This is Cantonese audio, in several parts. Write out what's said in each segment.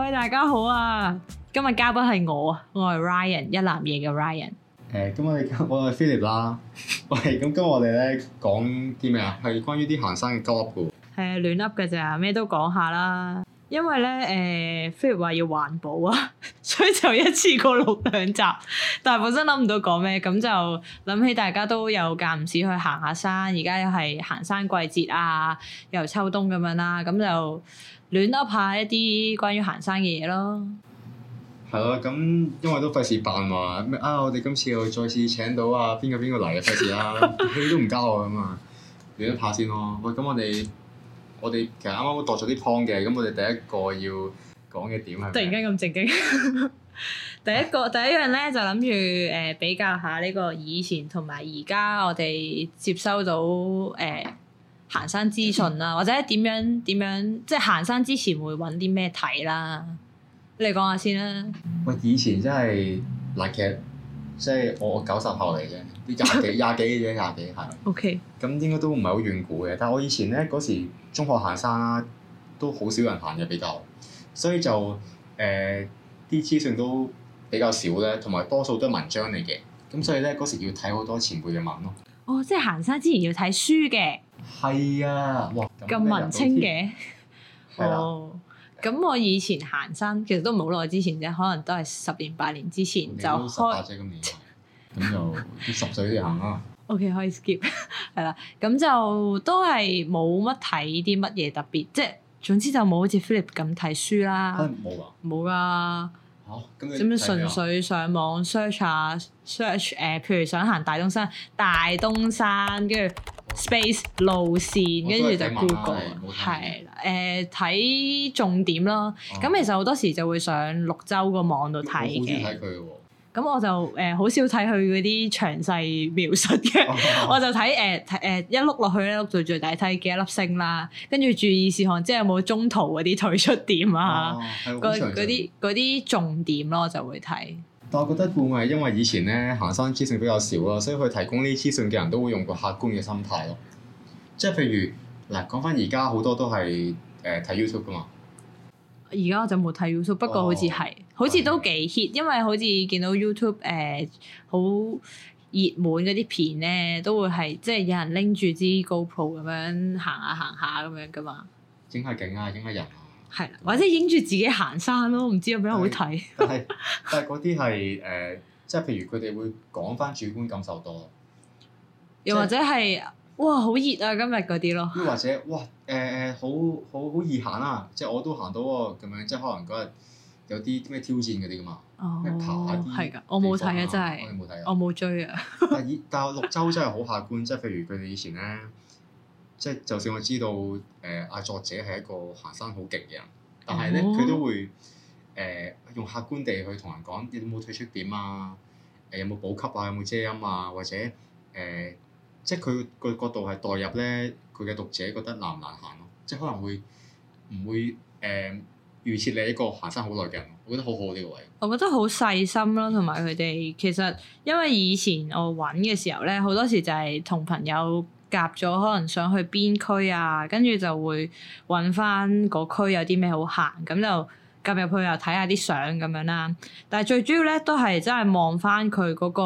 喂，大家好啊！今日嘉賓係我，我係 Ryann，一籃野嘅 Ryann。誒、欸，今日我哋我係 Philip 啦。喂，咁 今日我哋咧講啲咩啊？係關於啲行山嘅 Gau1 up 嘅。係啊，亂噏嘅咋，咩都講下啦。因為咧，誒、呃，譬如話要環保啊， 所以就一次過錄兩集。但係本身諗唔到講咩，咁就諗起大家都有間唔時去行下山，而家又係行山季節啊，又秋冬咁樣啦，咁、嗯、就亂噏下一啲關於行山嘅嘢咯。係咯、 啊，咁、嗯、因為都費事扮話咩啊！我哋今次又再次請到啊邊個邊個嚟啊！費事啦，佢都唔交啊咁啊，亂噏下先咯。喂、嗯，咁我哋。啊啊嗯嗯啊我哋其實啱啱度咗啲 point 嘅，咁我哋第一個要講嘅點係，突然間咁正經 第個 第。第一個第一樣咧就諗住誒比較下呢個以前同埋而家我哋接收到誒、呃、行山資訊啦，或者點樣點樣，即係、就是、行山之前會揾啲咩睇啦？你講下先啦。喂，以前真係爛劇。即係我九十後嚟嘅，廿 幾廿幾嘅廿幾係。OK。咁 Okay. 應該都唔係好遠古嘅，但係我以前咧嗰時中學行山啦、啊，都好少人行嘅比較，所以就誒啲、呃、資訊都比較少咧，同埋多數都係文章嚟嘅，咁所以咧嗰時要睇好多前輩嘅文咯、啊。哦，oh, 即係行山之前要睇書嘅。係啊，哇！咁文青嘅，係啦。 哦 咁我、嗯嗯、以前行山，其實都唔好耐之前啫，可能都係十年八年之前就開。咁就十歲都行啦。O.K. 可以 skip 係 啦，咁就都係冇乜睇啲乜嘢特別，即係總之就冇好似 Philip 咁睇書啦。冇㗎、嗯。嚇、啊！咁你咁樣純粹上網 search 下 search 誒？譬、啊啊、如想行大東山，大東山跟住。Space 路線跟住、oh, 就 Google 係誒睇重點咯。咁、oh. 其實好多時就會上綠洲個網度睇嘅。咁、oh. 我就誒好、呃、少睇佢嗰啲詳細描述嘅，oh. 我就睇誒誒一碌落去，一碌到最底睇幾粒星啦。跟住注意事項，即係有冇中途嗰啲退出點啊？嗰啲啲重點咯，就會睇。但我覺得顧問係因為以前咧，行山資訊比較少啦，所以佢提供呢啲資訊嘅人都會用個客觀嘅心態咯。即係譬如嗱，講翻而家好多都係誒睇、呃、YouTube 㗎嘛。而家我就冇睇 YouTube，不過好似係，哦、好似都幾 hit，的因為好似見到 YouTube 誒、呃、好熱門嗰啲片咧，都會係即係有人拎住支高 o p 咁樣行下、啊、行下、啊、咁、啊、樣㗎嘛。整下景啊，整下人。係，或者影住自己行山咯，唔知有咩好睇。但係但係嗰啲係誒，即係譬如佢哋會講返主觀感受多，又或者係哇好熱啊，今日嗰啲咯。又或者哇誒好好好易行啊，即係我都行到喎咁樣，即係可能嗰日有啲咩挑戰嗰啲噶嘛。哦，係㗎，我冇睇啊真係，我冇睇，我冇追啊。但係但係綠洲真係好客觀，即係譬如佢哋以前咧。即係，就算我知道誒阿、呃、作者係一個行山好勁嘅人，但係咧佢都會誒、呃、用客觀地去同人講，你冇退出點啊？誒、呃、有冇補給啊？有冇遮陰啊？或者誒、呃，即係佢個角度係代入咧，佢嘅讀者覺得難唔難行咯、啊？即係可能會唔會誒預設你一個行山好耐嘅人，我覺得好好呢、這個位。我覺得好細心咯，同埋佢哋其實因為以前我揾嘅時候咧，好多時就係同朋友。夾咗可能想去邊區啊，跟住就會揾翻嗰區有啲咩好行，咁就夾入去又睇下啲相咁樣啦。但係最主要咧，都係真係望翻佢嗰個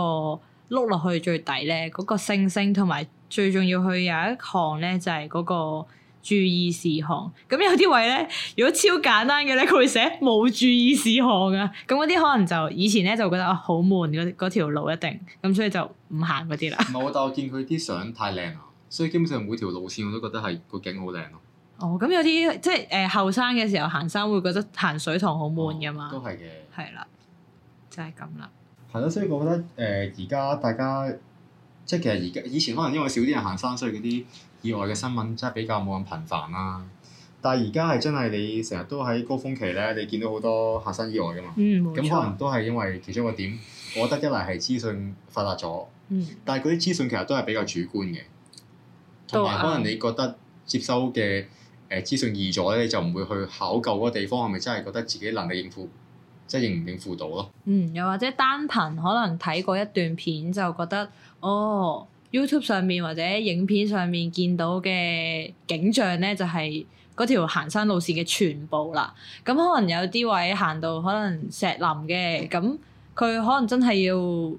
碌落去最底咧，嗰個星星同埋最重要去有一行咧，就係嗰個注意事項。咁有啲位咧，如果超簡單嘅咧，佢會寫冇注意事項啊。咁嗰啲可能就以前咧就覺得啊，好悶，嗰條路一定咁，所以就唔行嗰啲啦。冇，但我見佢啲相太靚所以基本上每條路線我都覺得係個景好靚咯。哦，咁有啲即係誒後生嘅時候行山會覺得行水塘好悶噶嘛。哦、都係嘅。係啦，就係咁啦。係咯、嗯，所以我覺得誒而家大家即係其實而家以前可能因為少啲人行山，所以嗰啲意外嘅新聞真係比較冇咁頻繁啦、啊。但係而家係真係你成日都喺高峰期咧，你見到好多行山意外噶嘛。嗯，冇錯。咁可能都係因為其中一個點，我覺得一嚟係資訊發達咗，嗯、但係嗰啲資訊其實都係比較主觀嘅。同埋可能你覺得接收嘅誒、呃、資訊易咗咧，你就唔會去考究嗰個地方係咪真係覺得自己能力應付，即係應唔應付到咯。嗯，又或者單憑可能睇過一段片就覺得，哦，YouTube 上面或者影片上面見到嘅景象咧，就係、是、嗰條行山路線嘅全部啦。咁可能有啲位行到可能石林嘅，咁佢可能真係要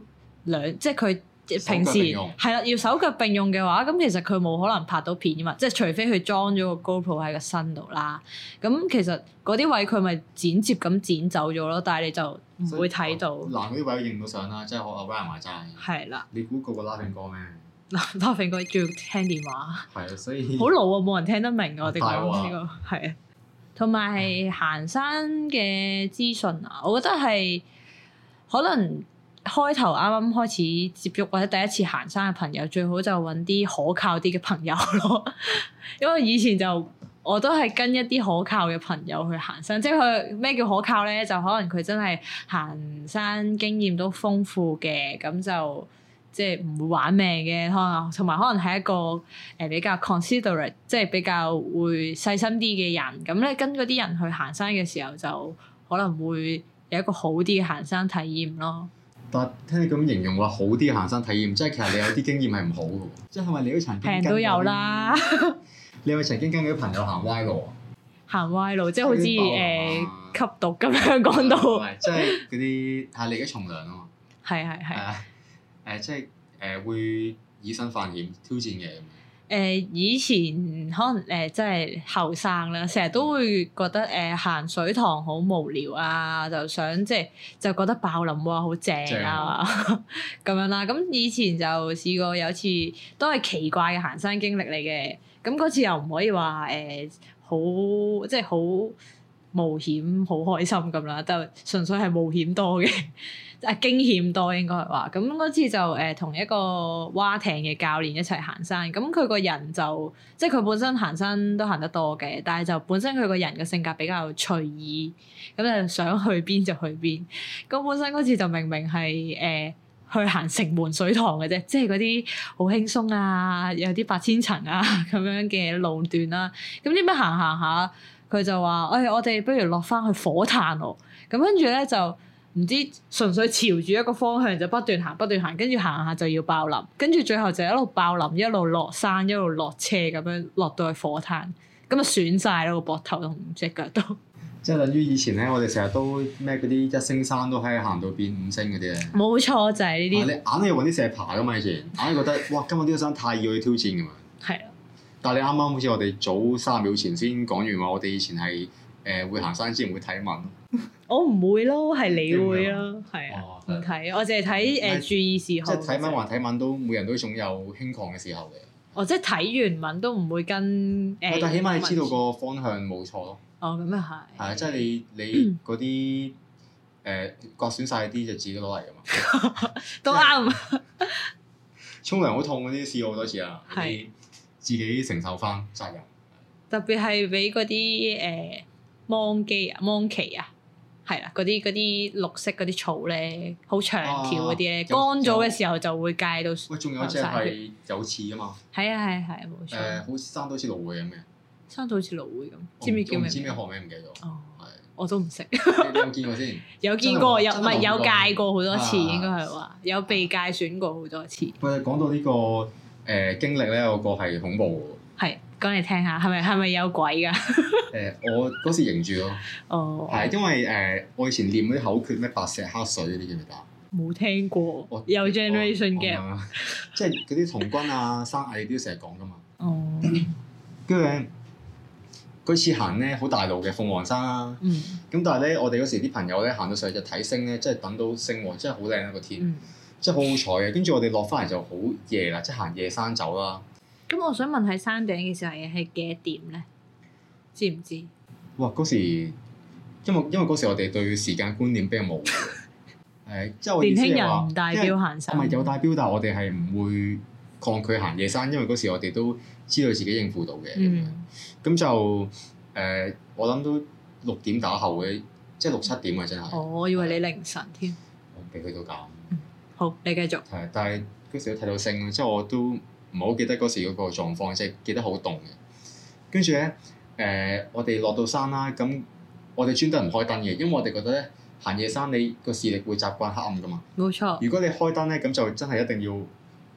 兩，即係佢。平時係啦，要手腳並用嘅話，咁其實佢冇可能拍到片嘅嘛。即係除非佢裝咗個 GoPro 喺個身度啦。咁其實嗰啲位佢咪剪接咁剪走咗咯。但係你就唔會睇到。嗱。嗰啲位佢影到相啦，即係學阿威埋單。係啦了。你估個個拉片哥咩？ 拉片哥仲要聽電話。係啊，所以好老啊，冇人聽得明我哋公司啊，同埋行山嘅資訊啊，我覺得係可能。開頭啱啱開始接觸或者第一次行山嘅朋友，最好就揾啲可靠啲嘅朋友咯。 因為以前就我都係跟一啲可靠嘅朋友去行山，即係佢咩叫可靠咧？就可能佢真係行山經驗都豐富嘅，咁就即係唔會玩命嘅。可能同埋可能係一個誒、呃、比較 considerate，即係比較會細心啲嘅人。咁咧跟嗰啲人去行山嘅時候，就可能會有一個好啲嘅行山體驗咯。但聽你咁形容話好啲行山體驗，即係其實你有啲經驗係唔好嘅喎，即係係咪你都曾經平都有啦？你有冇曾經跟佢啲也有 朋友行歪路。行歪路即係好似誒了、呃、吸毒咁 樣講到，即係嗰啲係你而家從良啊嘛？係係係誒誒，即係誒、呃、會以身犯險挑戰嘅。誒、呃、以前可能誒即係後生啦，成、呃、日都會覺得誒、呃、行水塘好無聊啊，就想即係就覺得爆林喎、啊、好正啊咁、啊、 樣啦。咁以前就試過有一次都係奇怪嘅行山經歷嚟嘅。咁嗰次又唔可以話誒好即係好。冒險好開心咁啦，就純粹係冒險多嘅， 啊驚險多應該係話。咁嗰次就誒同、呃、一個蛙艇嘅教練一齊行山，咁佢個人就即係佢本身行山都行得多嘅，但係就本身佢個人嘅性格比較隨意，咁就想去邊就去邊。咁本身嗰次就明明係誒、呃、去行城門水塘嘅啫，即係嗰啲好輕鬆啊，有啲八千層啊咁 樣嘅路段啦、啊。咁點解行行下，佢就話，誒、哎，我哋不如落翻去火炭喎、啊。咁跟住咧就唔知純粹朝住一個方向就不斷行不斷行，跟住行下就要爆林，跟住最後就一路爆林，一路落山，一路落車咁樣落到去火炭，咁就損曬咯，個膊頭同隻腳都。即係等於以前咧，我哋成日都咩嗰啲一星山都喺度行到變五星嗰啲咧。冇錯、嗯、就係呢啲。你硬係要揾啲石爬噶嘛？以前硬係覺得，哇！今日呢個山太要去挑戰噶嘛。係 但你啱啱好似我哋早三十秒前先講完話，我哋以前係誒會行山之前會睇文。我唔會咯，係你會啊，係啊，唔睇，我淨係睇誒注意事。即係睇文還睇文，都每人都總有輕狂嘅時候嘅。哦，即係睇完文都唔會跟誒，但起碼你知道個方向冇錯咯。哦，咁又係。係啊，即係你你嗰啲誒割損晒啲就自己攞嚟㗎嘛，都啱。啊，沖涼好痛嗰啲試過好多次啊。係。自己承受翻責任，特別係俾嗰啲誒芒萁啊、芒萁啊，係啦，嗰啲啲綠色嗰啲草咧，好長條嗰啲咧，乾咗嘅時候就會戒到。喂，仲有一隻係有刺噶嘛？係啊，係，係冇錯。誒，生到好似蘆薈咁嘅，生到好似蘆薈咁，知唔知叫咩？唔知咩，學名唔記得。哦，係，我都唔識。有見過先？有見過，有，唔係，有戒過好多次，應該係話有被戒損過好多次。喂，講到呢個。誒經歷咧、 欸，我個係恐怖喎。係，講嚟聽下，係咪係咪有鬼噶？誒，我嗰時認住咯。哦，係因為誒、呃，我以前念嗰啲口訣咩白石黑水嗰啲記唔記得？冇聽過。我有 generation 嘅、呃，啊、 即係嗰啲童軍啊、生仔都成日講噶嘛。哦、oh.。跟住咧，嗰次行咧好大路嘅鳳凰山啊。咁、mm. 但係咧，我哋嗰時啲朋友咧行到上去就睇星咧，即係等到星王，真係好靚一個天。Mm. Mm. 即係好好彩嘅，跟住我哋落翻嚟就好夜啦，即係行夜山走啦。咁、嗯、我想問喺山頂嘅時候係幾多點咧？知唔知？哇！嗰時因為因為嗰時我哋對時間觀念比較模糊誒，即係年輕人唔帶錶行山。唔係、啊、有帶錶，但係我哋係唔會抗拒行夜山，因為嗰時我哋都知道自己應付到嘅。嗯。咁、嗯、就誒、呃，我諗都六點打後嘅，即係六七點嘅真係、哦。我以為你凌晨添。俾佢都減。好，你繼續。係，但係嗰時有睇到星，即係我都唔好記得嗰時嗰個狀況，即係記得好凍嘅。跟住咧，誒、呃，我哋落到山啦，咁我哋專登唔開燈嘅，因為我哋覺得咧，行夜山你個視力會習慣黑暗㗎嘛。冇錯錯。如果你開燈咧，咁就真係一定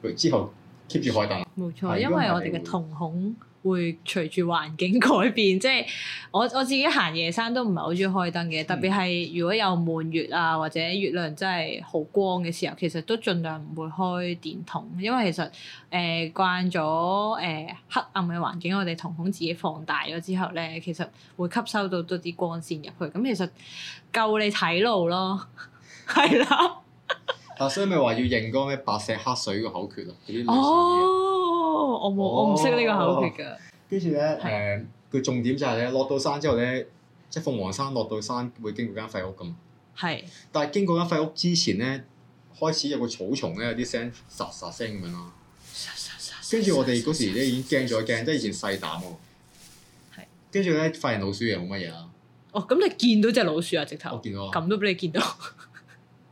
要之後 keep 住開燈啦。冇錯錯，是因為我哋嘅瞳孔。會隨住環境改變，即係我我自己行夜山都唔係好中意開燈嘅，嗯、特別係如果有滿月啊，或者月亮真係好光嘅時候，其實都盡量唔會開電筒，因為其實誒、呃、慣咗誒、呃、黑暗嘅環境，我哋瞳孔自己放大咗之後咧，其實會吸收到多啲光線入去，咁其實夠你睇路咯，係 啦對了。阿、 啊、所以咪話要認光咩？白石黑水個口訣啊，嗰哦，我冇，我唔識呢個口訣㗎。跟住咧，誒， 個、呃、重點就係、是、咧，落到山之後咧，即係鳳凰山落到山會經過間廢屋㗎嘛。 但係經過間廢屋之前咧，開始有個草叢咧，有啲聲，沙沙聲咁樣咯。跟住我哋嗰時咧已經驚咗一驚，即係以前細膽喎。跟住咧發現老鼠又冇乜嘢啦。哦，咁你見到隻老鼠啊？直頭。我見到。咁都俾你見到。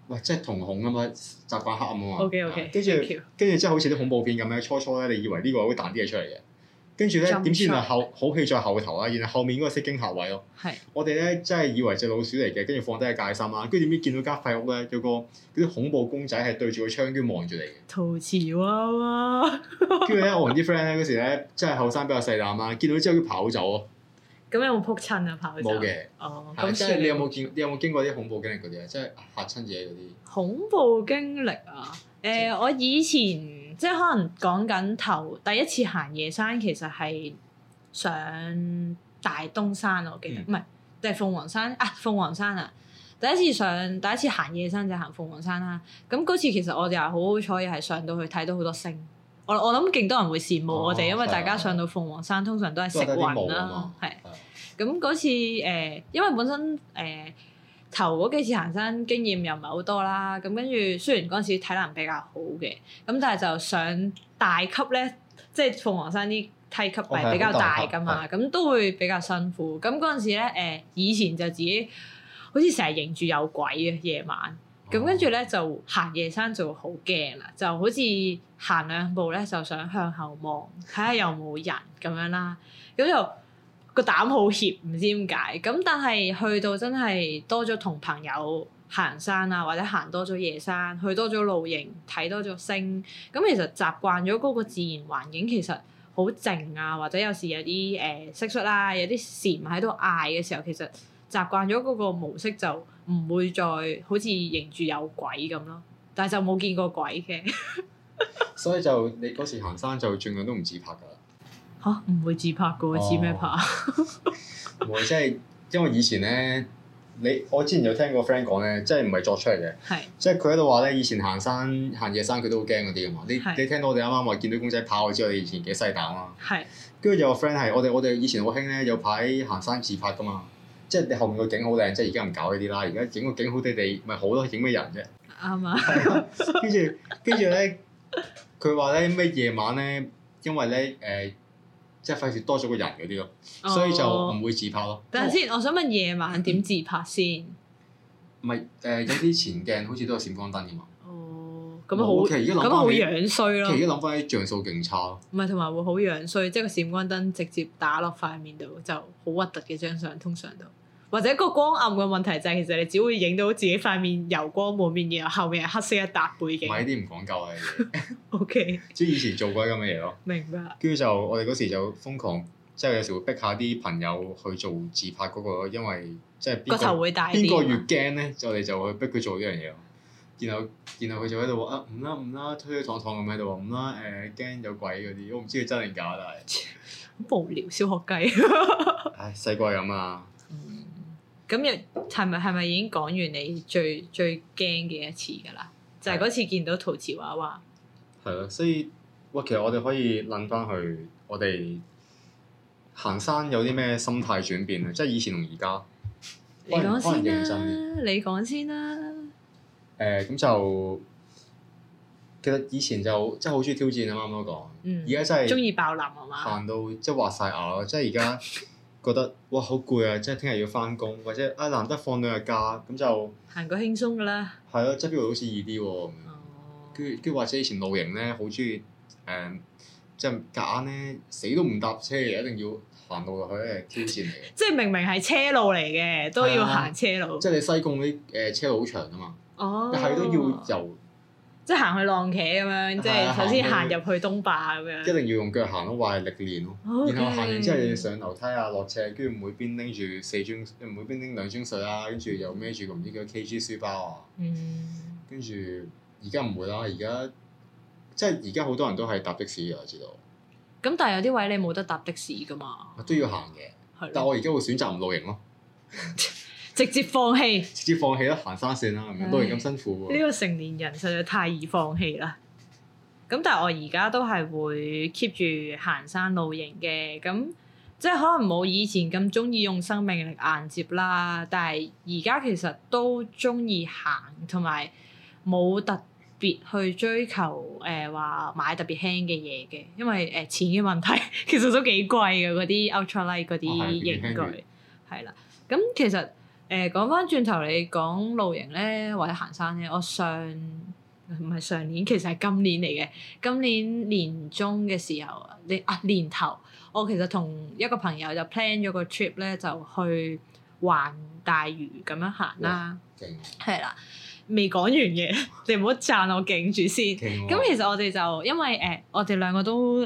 喂，即係瞳孔啊嘛，習慣黑暗啊嘛，OK，OK，跟住跟住即係好似啲恐怖片咁樣，初初咧你以為呢個會彈啲嘢出嚟嘅，跟住咧點知原來後衣衣好戲在後頭啊。然後後面嗰個識驚嚇位咯。係是，我哋咧真係以為隻老鼠嚟嘅，跟住放低個戒心啊。跟住點知見到間廢屋咧有個嗰啲恐怖公仔係對住個窗著著、啊、 跟住望住你。陶瓷娃，跟住咧我同啲 friend 咧嗰時咧真係後生比較細膽啊，見到之後要跑走咯。咁有冇撲親啊？跑走冇嘅，哦，咁的、嗯、即係你有冇見？你有冇經過啲恐怖經歷嗰啲啊？即係嚇親自己嗰啲恐怖經歷啊？誒、呃，的我以前即係可能講緊頭第一次行夜山，其實係上大東山，我記得，唔係、嗯，即係鳳凰山啊？鳳凰山啊，第一次上，第一次行夜山就行鳳凰山啦、啊。咁、那、嗰、個、次其實我哋又好好彩嘅，係上到去睇到好多星。我我諗勁多人會羨慕我哋，因為大家上到鳳凰山、哦啊、通常都係食雲啦，係。咁嗰是的次誒、呃，因為本身誒、呃、頭嗰幾次行山經驗又唔係好多啦，咁跟住雖然嗰陣時體能比較好嘅，咁但係就上大級咧，即係鳳凰山啲梯級係比較大㗎 Okay, 嘛，咁都會比較辛苦。咁嗰陣時咧誒、呃，以前就自己好似成日認住有鬼啊夜晚。咁、嗯、跟住咧就行夜山就好驚啦，就好似行兩步咧就想向後望，睇下有冇人咁樣啦。咁又個膽好怯，唔知點解。咁但係去到真係多咗同朋友行山啊，或者行多咗夜山，去多咗露營，睇多咗星。咁其實習慣咗嗰個自然環境，其實好靜啊，或者有時有啲誒蟋蟀啦，有啲蟬喺度嗌嘅時候，其實習慣咗嗰個模式就。唔會再好似迎住有鬼咁咯，但係就冇見過鬼嘅。 所以就你嗰時行山就儘量都唔自拍噶啦。吓、啊？唔會自拍噶，哦、自咩拍？唔 會，即係因為以前咧，你我之前有聽過個 friend 講咧，即係唔係作出嚟嘅。係是。即係佢喺度話咧，以前行山行夜山，佢都好驚嗰啲啊嘛。你是你聽到我哋啱啱話見到公仔跑我、啊是，我知道以前幾細膽啦。係。跟住有個 friend 係我哋我哋以前好興咧，有排行山自拍噶嘛。即係你後面個景好靚，即係而家唔搞呢啲啦。而家整個景好地地，咪好多影咩人啫。啱啊、嗯。跟住跟住咧，佢話咧咩夜晚咧，因為咧誒、呃，即係費事多咗個人嗰啲咯，所以就唔會自拍咯、哦。等下先，我想問夜晚點自拍先？唔係誒，有啲前鏡好似都有閃光燈㗎嘛。 咁好，咁好樣衰、okay, 咯。其實而家諗翻啲像素勁差咯。唔係，同埋會好樣衰，即係個閃光燈直接打落塊面度就好核突嘅張相，通常都或者個光暗嘅問題就係、是、其實你只會影到自己塊面油光滿面，然後後面係黑色一笪背景。唔係啲唔講究啊。O K。即係以前做鬼咁嘅嘢咯。明白。跟住就我哋嗰時就瘋狂，即、就、係、是、有時會逼下啲朋友去做自拍嗰、那個咯，因為即係個頭會大。邊個越驚咧，就哋就去逼佢做呢樣嘢咯。然後，然後佢就喺度話，啊，唔、嗯、啦唔、嗯、啦，推推撞撞咁喺度話唔啦，誒、欸，驚有鬼嗰啲，我唔知佢真定假，但係好 無聊，小學雞 。唉，細個係咁啊。嗯，咁又係咪係咪已經講完你最最驚嘅一次㗎啦？就係、是、嗰次見到陶瓷娃娃。係啊， 所以喂，其實我哋可以諗翻去，我哋行山有啲咩心態轉變、就是、啊？即係以前同而家。你講先啦，你講先啦。誒咁就其實以前就真係好中意挑戰啊，啱啱講，而家真係中意爆林啊嘛，行到即係滑曬牙咯，即係而家覺得哇好攰啊！即係聽日要翻工，或者啊難得放兩日假咁就行個輕鬆㗎啦。係咯、啊，即係邊度好似易啲、啊、喎？跟住跟住，或者以前露營咧，好中意誒，即係夾硬咧死都唔搭車，一定要行路落去挑戰嚟。 即係明明係車路嚟嘅，都要行車路。即係、嗯就是、你西貢啲誒車路好長啊嘛～ 哦，係都要由，即係行去浪茄咁樣，即係、啊、首先行入去東壩咁樣。一定要用腳行咯，話係歷練咯、哦 okay.，然後行完之後要上樓梯啊、落斜，跟住唔會每邊拎住四樽，每邊拎兩樽水啊，跟住又孭住個唔知幾 Kg 書包啊，跟住而家唔會啦，而家即係而家好多人都係搭的士嘅，知道。咁但係有啲位你冇得搭的士噶嘛？都要行嘅，但係我而家會選擇唔露營咯。直接放棄，直接放棄啦，行山算啦，咁樣當然咁辛苦喎、啊。呢個成年人實在太易放棄啦。咁但係我而家都係會 keep 住行山露營嘅，咁即係可能冇以前咁中意用生命嚟硬接啦。但係而家其實都中意行，同埋冇特別去追求誒話、呃、買特別輕嘅嘢嘅，因為誒、呃、錢嘅問題，其實都幾貴嘅嗰啲 ultra light 嗰啲營具係啦。咁、哦、其實。誒講翻轉頭嚟講露營咧，或者行山咧，我上唔係上年，其實係今年嚟嘅。今年年中嘅時候，你啊年頭，我其實同一個朋友就 plan 咗個 trip 咧，就去環大嶼咁樣行啦，係 Yeah, okay. 啦。未講完嘢，你唔好讚我，勁住先。咁其實我哋就因為誒，我哋兩個都誒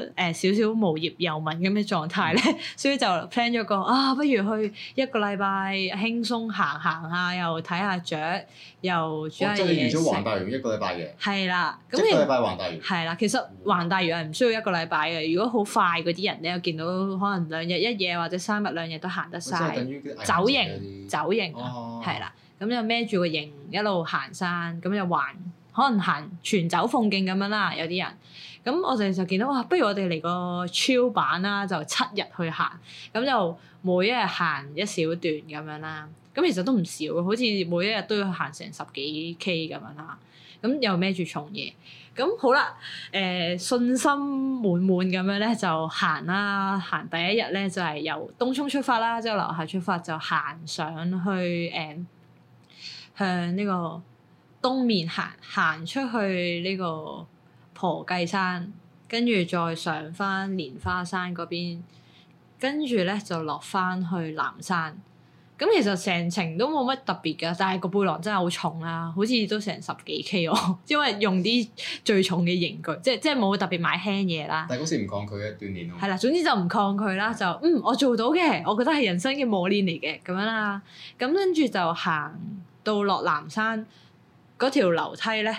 少少無業遊民咁嘅狀態咧，嗯、所以就 plan 咗個啊，不如去一個禮拜輕鬆行行下，又睇下雀，又煮下嘢食。即係完咗環大嶼一個禮拜嘅。係啦，咁一個禮拜環大嶼。係啦，其實環大嶼係唔需要一個禮拜嘅，如果好快嗰啲人咧，見到可能兩日一夜或者三日兩夜都行得晒。即係等於走營，走營係營、啊啊、啦。咁就孭住個營一路行山，咁就行，可能行全走鳳徑咁樣啦。有啲人，咁我哋就見到哇，不如我哋嚟個超版啦，就七日去行，咁就每一日行一小段咁樣啦。咁其實都唔少，好似每一日都要行成十幾 K 咁樣啦。咁又孭住重嘢，咁好啦，誒、呃、信心滿滿咁樣咧就行啦。行第一日咧就係、是、由東涌出發啦，即係樓下出發就行上去誒。呃向呢個東面行行出去呢個婆髻山，跟住再上翻蓮花山嗰邊，跟住咧就落翻去南山。咁、嗯、其實成程都冇乜特別噶，但係個背囊真係好重啦、啊，好似都成十幾 K 喎。因為用啲最重嘅刑具，即即係冇特別買輕嘢啦。但係好似唔抗拒一段年咯。係啦，總之就唔抗拒啦。就嗯，我做到嘅，我覺得係人生嘅磨練嚟嘅咁樣啦、啊。咁跟住就行。到落南山嗰條樓梯咧，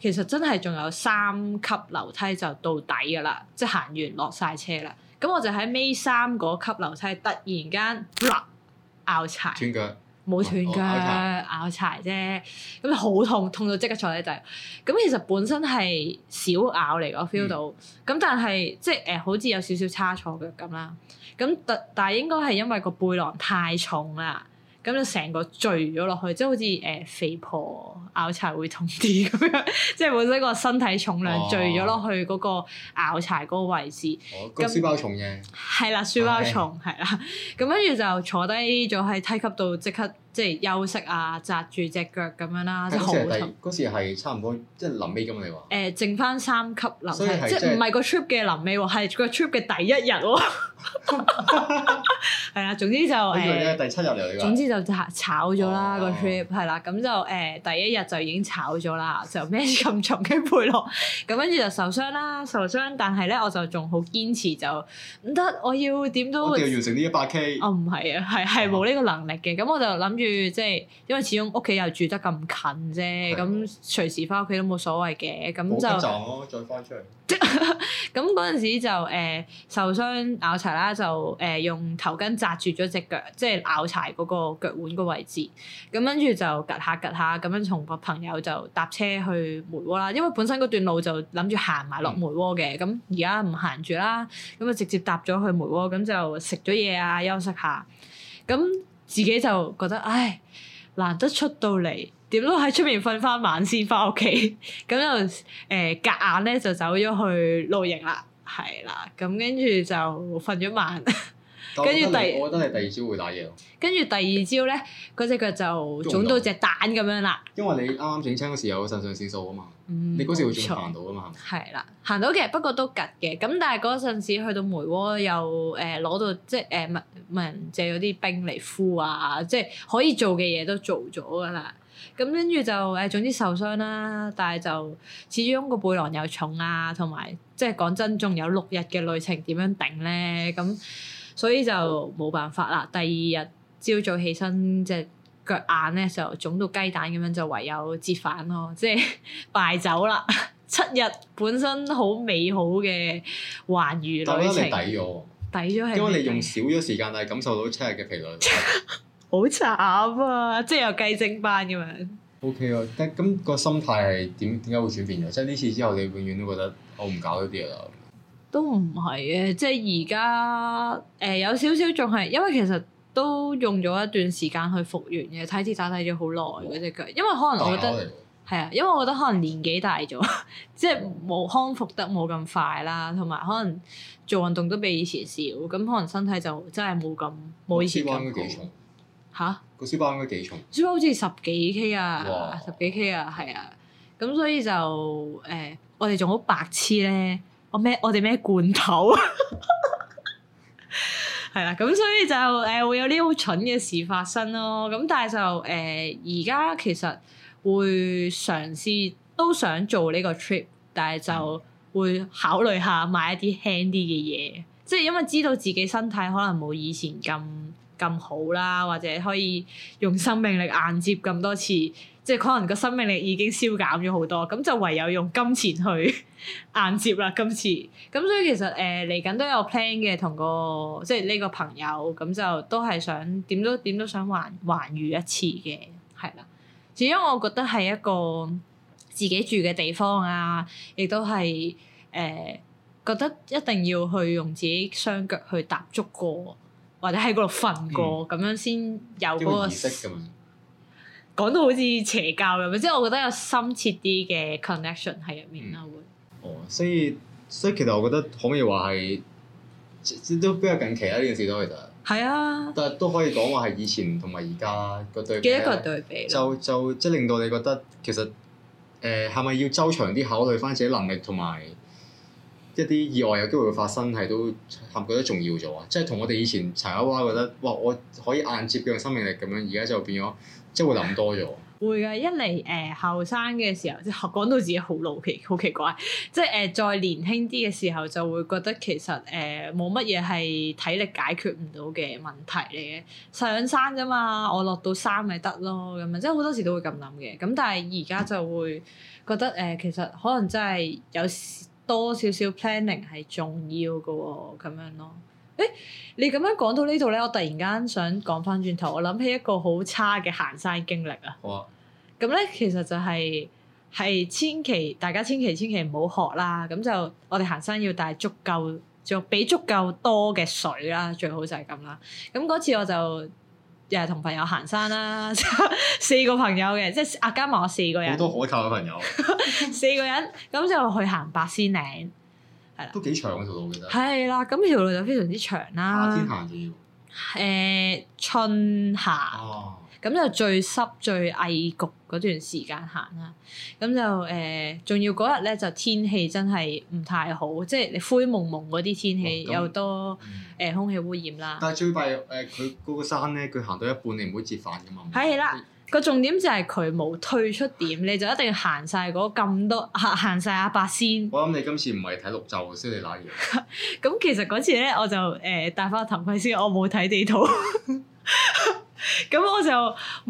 其實真係仲有三級樓梯就到底噶啦，即係行完落晒車啦。咁我就喺尾三個級樓梯突然間咕咕，啪拗柴，斷腳冇斷腳拗柴啫。咁好、哦、痛，痛到即刻坐喺度。咁其實本身係少拗嚟，我 feel 到。咁、嗯、但係即係誒、呃，好似有少少差錯腳咁啦。咁但但係應該係因為個背囊太重啦。咁就成個墜咗落去，即係好似誒、呃、肥婆拗柴會痛啲咁樣，即係本身個身體重量墜咗落去嗰個拗柴嗰個位置。個書哇樣包重啫，係啦，書包重係、啊、啦，咁跟住就坐低咗喺梯級度，即刻。即係休息啊，紮住隻腳咁樣啦、啊，即係嗰時係差唔多即係臨尾咁啊！你話誒、呃，剩翻三級臨尾，是就是、即係唔係個 trip 嘅臨尾喎？係個 trip 嘅第一日喎、啊，係 啦。 總之就誒，第七日嚟、啊、嘅。總之就炒咗啦個 trip，係啦。咁就誒、呃、第一日就已經炒咗啦，就孭咁重嘅背囊，咁跟住就受傷啦，受傷。但係咧，我就仲好堅持就，就唔得，我要點都我完成呢一百 K、 啊。哦，唔係啊，係係冇呢個能力嘅。咁我就諗住。即係，因為始終屋企又住得咁近啫，咁隨時翻屋企都冇所謂嘅，咁就，冇站再翻出嚟。咁嗰陣時就誒、呃、受傷拗柴啦，就誒、呃、用頭巾紮住咗隻腳，即係拗柴嗰個腳腕個位置。咁跟住就夾下夾下，咁樣同個朋友就搭車去梅窩啦。因為本身嗰段路就諗住行埋落梅窩嘅，咁而家唔行住啦，咁啊直接搭咗去梅窩，咁就食咗嘢啊，休息下，咁、嗯。嗯自己就覺得，唉，難得出到嚟，點都喺出面瞓翻晚先翻屋企，咁就誒隔硬咧就走咗去露營啦，係啦，咁跟住就瞓咗晚。 跟住第我，我覺得係第二朝會打嘢咯。跟住第二朝咧，嗰隻腳就腫到隻蛋咁樣啦。因為你啱啱整親嗰時有腎上腺素啊嘛。嗯、你嗰時會仲行到噶嘛？係啦，行到嘅，不過都吉嘅。咁但係嗰陣時去到梅窩又誒攞、呃、到即係誒問問人借咗啲冰嚟敷啊，即係可以做嘅嘢都做咗噶啦。咁跟住就誒、呃，總之受傷啦。但係就始終個背囊又重啊，同埋即係講真，仲有六日嘅旅程點樣頂咧？咁、嗯、所以就冇辦法啦。第二日朝早起身即係。腳眼呢就腫到雞蛋咁樣，就唯有折返咯，即係 敗走啦。七日本身好美好嘅環遊旅程，但你抵咗，抵咗，因為你用少咗時間但係感受到七日嘅疲累，好慘啊！即係又計正班咁樣。OK 啊，咁咁個心態係點點解會轉變咗？即係呢次之後，你永遠都覺得我唔搞呢啲嘢啦，都唔係啊。即係而家誒有少少仲係，因為其實。都用咗一段時間去復原嘅，睇跌打睇咗好耐嗰隻腳，因為可能我覺得係啊，因為我覺得可能年紀大咗，即係冇康復得冇咁快啦，同埋可能做運動都比以前少，咁可能身體就真係冇咁冇以前咁重。吓？個小包應該幾重？啊、小包好似十幾 K 啊，哇十幾 K 啊，係啊，咁所以就誒、欸，我哋仲好白痴咧，我咩？我哋咩罐頭？ 係啦，咁所以就誒會有啲好蠢嘅事發生咯。咁但係就誒而家其實會嘗試都想做呢個 trip，但係就會考慮下買一啲輕啲嘅嘢，即係因為知道自己身體可能冇以前咁。咁好啦，或者可以用生命力硬接咁多次，即係可能個生命力已經消減咗好多，咁就唯有用金錢去硬接啦今次。咁所以其實誒嚟緊都有 plan 嘅，同個即係呢個朋友，咁就都係想點都點都想還還遇一次嘅，係啦。主要我覺得係一個自己住嘅地方啊，亦都係誒、呃、覺得一定要去用自己雙腳去踏足過。或者喺嗰度瞓過咁、嗯、樣先有嗰、那個，講到好似邪教咁，即、就、係、是、我覺得有深切啲嘅 connection 喺入面啦。會、嗯，覺哦，所以所以其實我覺得可唔可以話係，都比較近期啦呢件事都其實係啊，但係都可以講話係以前同埋而家個對比嘅一個對比，對比就就即係令到你覺得其實誒係咪要周長啲考慮返自己能力同埋？一啲意外有機會會發生，係都冚覺得重要咗，啊。即係同我哋以前柴娃娃覺得，哇！我可以硬接嘅生命力咁樣，而家就變咗，即係會諗多咗。會啊。一嚟誒後生嘅時候，即係講到自己好老奇好奇怪，即係誒、呃、再年輕啲嘅時候就會覺得其實誒冇乜嘢係體力解決唔到嘅問題嚟嘅，上山啫嘛，我落到山咪得咯咁樣，即係好多時都會咁諗嘅。咁但係而家就會覺得誒、呃、其實可能真係有時。多少少 planning 係重要嘅喎，哦，咁樣咯。誒、欸，你咁樣講到呢度咧，我突然間想講翻轉頭，我諗起一個好差嘅行山經歷啊。好啊。咁咧，其實就係、係、係千祈大家千祈千祈唔好學啦。咁就我哋行山要帶足夠，就俾足夠多嘅水啦，最好就係咁啦。咁嗰次我就。又係同朋友行山啦， 四個朋友嘅，即係阿加埋我四個人，好多可靠嘅朋友。 四個人咁就去行八仙嶺，係啦。都幾長嗰條路嘅，係啦。咁條路就非常之長啦。夏天行仲要，欸。春夏。哦咁就最濕最翳焗嗰段時間行啦，咁就誒，仲要嗰日咧就天氣真係唔太好，即係你灰蒙蒙嗰啲天氣，又多誒空氣污染啦。但係最弊誒，佢嗰個山咧，佢行到一半你唔會折返噶嘛。係啦，個重點就係佢冇退出點，你就一定要行晒嗰咁多行行晒阿八仙。我諗你今次唔係睇綠皺先嚟瀨嘢。咁其實嗰次咧，我就誒戴翻個頭盔先，我冇睇地圖。咁 我就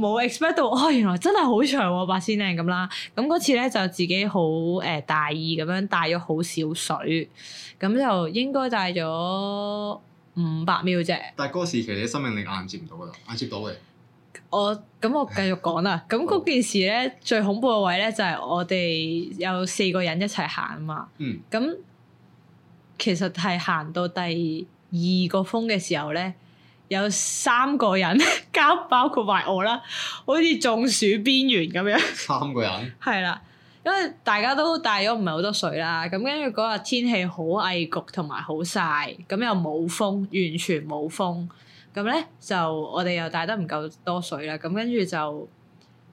冇 expect 到，哦，原來真係好長，啊，八仙嶺咁啦。咁嗰次咧就自己好誒大意咁樣帶咗好少水，咁就應該帶咗五百秒啫。但係嗰個時期你生命力硬接唔到嗰度，硬接到嘅。我咁我繼續講啦。咁嗰 件事咧 最恐怖嘅位咧就係、是，我哋有四個人一齊行啊嘛。嗯。咁其實係行到第二個峰嘅時候咧。有三個人，加包括埋我啦，好似中暑邊緣咁樣。三個人。係啦， 因為大家都帶咗唔係好多水啦，咁跟住嗰日天氣好翳焗同埋好晒，咁又冇風，完全冇風，咁咧就我哋又帶得唔夠多水啦，咁跟住就。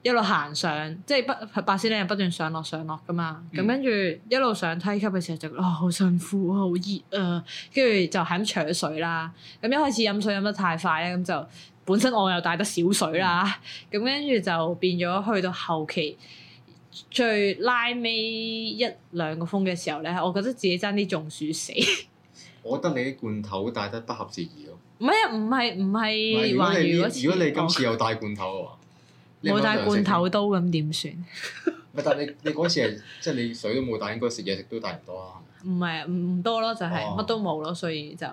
一路行上，即係八仙嶺呢不斷上落上落噶嘛。咁跟住一路上梯級嘅時候就哇好、哦、辛苦啊，好熱啊。跟住就喺咁搶水啦。咁一開始飲水飲得太快咧，咁就本身我又帶得少水啦。咁跟住就變咗去到後期最拉尾一兩個峰嘅時候咧，我覺得自己爭啲中暑死。我覺得你啲罐頭帶得不合時宜咯。唔係啊，唔係唔係環宇嗰次。如果你今次又帶罐頭嘅話冇帶罐頭刀咁點算？ 但你你嗰次係即係你水都冇，但係應該食嘢食都帶唔多啊、就是，係咪、哦？唔係唔多咯，就係乜都冇咯，所以就誒、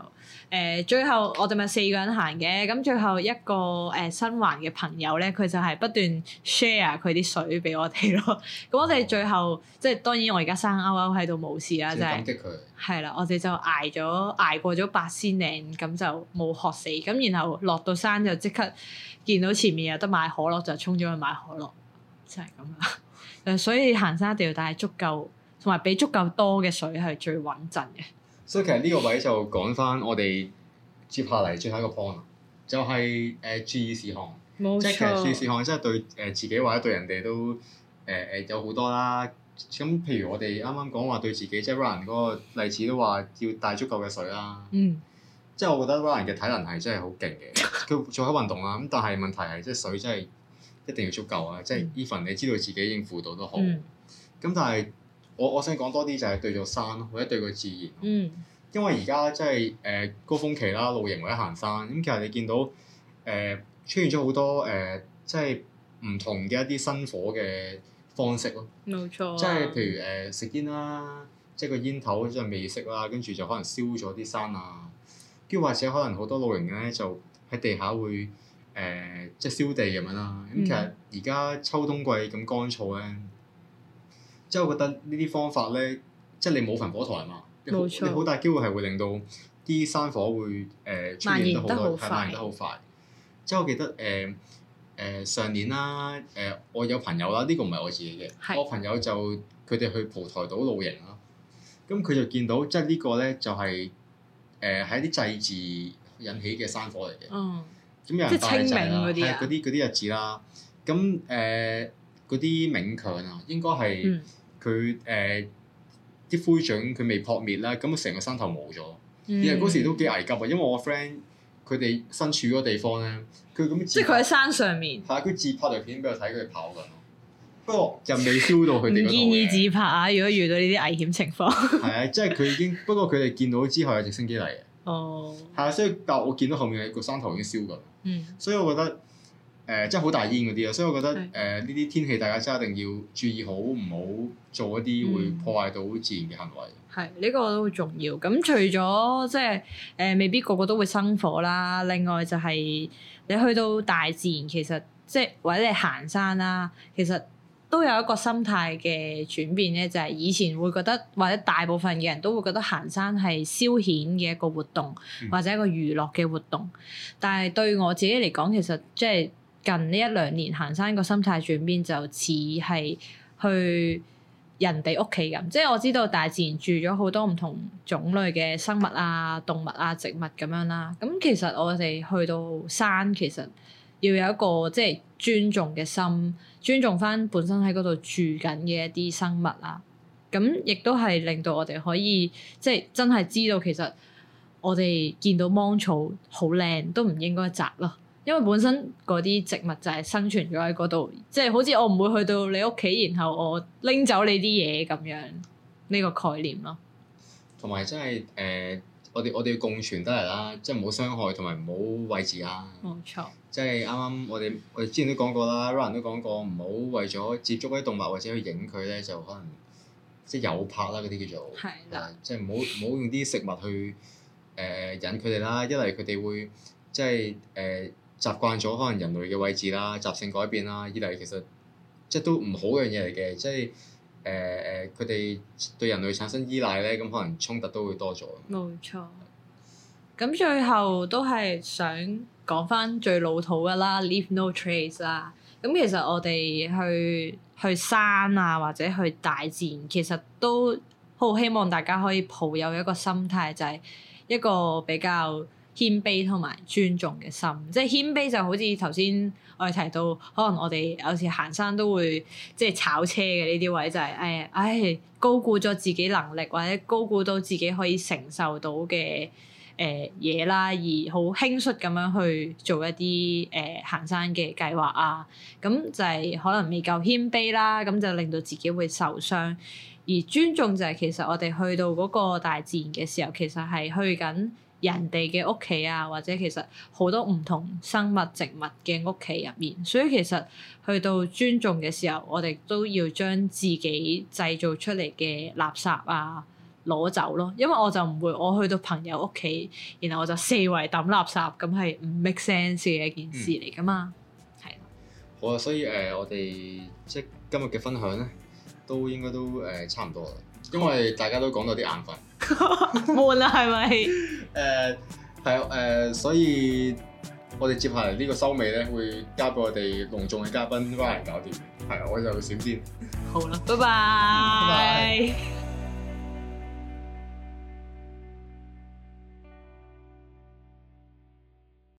呃、最後我哋咪四個人行嘅咁，最後一個誒新環嘅朋友咧，佢就係不斷 share 佢啲水俾我哋咯。咁我哋最後、哦、即係當然我而家生勾勾喺度冇事啦，即係係啦，我哋就挨咗挨過咗八仙嶺，咁就冇渴死咁。然後落到山就即刻見到前面有得買可樂，就衝咗去買可樂，就係咁啦。 誒所以行山一定要帶足夠，同埋俾足夠多嘅水係最穩陣嘅。所以其實呢個位就講翻我哋接下嚟最後一個 point 就係誒注意事項，即係其實注意事項真係對誒自己或者對人哋都誒誒有好多啦。咁譬如我哋啱啱講話對自己，即係 Ryann 嗰個例子都話要帶足夠嘅水啦。嗯。即係我覺得 Ryann 嘅體能係真係好勁嘅，佢做開運動啦。咁但係問題係即係水真係。一定要足夠啊！即係 even 你知道自己應付到都好，咁、嗯、但係我我想講多啲就係對咗山咯，或者對個自然。嗯。因為而家即係誒、呃、高峰期啦，露營或者行山，咁其實你見到誒、呃、出現咗好多誒、呃、即係唔同嘅一啲生火嘅方式咯。冇錯、啊。即係譬如誒、呃、食煙啦，即係個煙頭即係未熄啦，跟住就可能燒咗啲山啊，跟住或者可能好多露營嘅咧就喺地下會。誒，即係燒地咁樣啦。咁其實而家秋冬季咁乾燥咧，即係我覺得呢啲方法咧，即係你冇焚火台嘛，你好，你好大機會係會令到啲山火會誒出現得好快，蔓延得好快。即係我記得誒誒上年啦，誒我有朋友啦，呢個唔係我自己嘅，我朋友就佢哋去蒲台島露營啦。咁佢就見到即係呢個咧就係誒喺啲祭祀引起嘅山火嚟嘅。嗯、即係清明嗰啲啲啲日子啦。咁誒嗰啲冥鏹啊，應該係佢誒啲灰燼佢未撲滅啦。咁啊，成、嗯、個山頭冇咗。因為嗰時都幾危急啊，因為我 friend 佢哋身處嗰個地方咧，佢咁即係佢喺山上面。係啊，佢自拍條片俾我睇，佢哋跑㗎。不過又未燒到佢哋。唔建議自拍啊！如果遇到呢啲危險情況。係 啊，即係佢已經。不過佢哋見到之後，有直升機嚟。 哦，係啊、oh，所以但係我見到後面個山頭已經燒㗎，嗯，所以我覺得誒、呃、即係好大煙嗰啲啊，的所以我覺得誒呢啲天氣大家真係一定要注意好，唔好做一啲會破壞到自然嘅行為。係呢，呢個都好重要。咁除咗即係誒未必個個都會生火啦，另外就係你去到大自然，其實即係或者你行山啦，啊，其實。都有一個心態嘅轉變咧，就係以前會覺得或者大部分嘅人都會覺得行山係消遣嘅一個活動，或者一個娛樂嘅活動。嗯、但係對我自己嚟講，其實即係近呢一兩年行山個心態轉變就似係去人哋屋企咁。即係我知道大自然住咗好多唔同種類嘅生物啊、動物啊、植物咁樣啦。咁其實我哋去到山，其實要有一個即係尊重嘅心。尊重翻本身喺嗰度住緊嘅一啲生物啊，咁亦都係令到我哋可以即係、就是、真係知道其實我哋見到芒草好靚都唔應該摘咯，因為本身嗰啲植物就係生存咗喺嗰度，即、就、係、是、好似我唔會去到你屋企，然後我拎走你啲嘢咁樣呢、這個概念咯、就是。同埋真係誒，我哋我哋共存得嚟啦，即係唔好傷害，同埋唔好為自己、啊。冇錯。即係啱啱我哋我哋之前都講過啦，Ryann 都講過，唔好為咗接觸嗰啲動物或者去影佢咧，就可能即係誘拍啦嗰啲叫做，是的 即係唔好唔好用啲食物去誒、呃、引佢哋啦。一嚟佢哋會即係誒習慣咗可能人類嘅位置啦，習性改變啦。二嚟其實即係都唔好嘅樣嘢嚟嘅，即係誒誒佢哋對人類產生依賴咧，咁可能衝突都會多咗。冇錯，咁最後都係想。講翻最老土嘅啦，Leave No Trace 啦。咁其實我哋去去山啊，或者去大自然，其實都好希望大家可以抱有一個心態，就係、是、一個比較謙卑同埋尊重嘅心。即、就、係、是、謙卑就好似頭先我哋提到，可能我哋有時行山都會即係炒車嘅呢啲位、就是，就係誒，唉、哎、高估咗自己能力，或者高估到自己可以承受到嘅。誒嘢、呃、啦，而好輕率咁樣去做一啲誒、呃、行山嘅計劃啊，咁就係可能未夠謙卑啦，咁就令到自己會受傷。而尊重就係其實我哋去到嗰個大自然嘅時候，其實係去緊人哋嘅屋企啊，或者其實好多唔同生物植物嘅屋企入面，所以其實去到尊重嘅時候，我哋都要將自己製造出嚟嘅垃圾啊～攞走咯，因為我就唔會我去到朋友屋企，然後我就四圍抌垃圾，咁係唔 make sense 嘅一件事嚟噶、嗯、嘛，係啦。好啊，所以誒，uh, 我哋即係今日嘅分享咧，都應該都誒、呃、差唔多啦，因為、嗯、大家都講到啲眼瞓， 悶啦、 呃、啊，係咪？誒係啊，所以我哋接下嚟呢個收尾咧，會交俾我哋隆重嘅嘉賓幫我哋搞掂嘅，係 啊，我就閃先。好啦，拜拜。拜拜。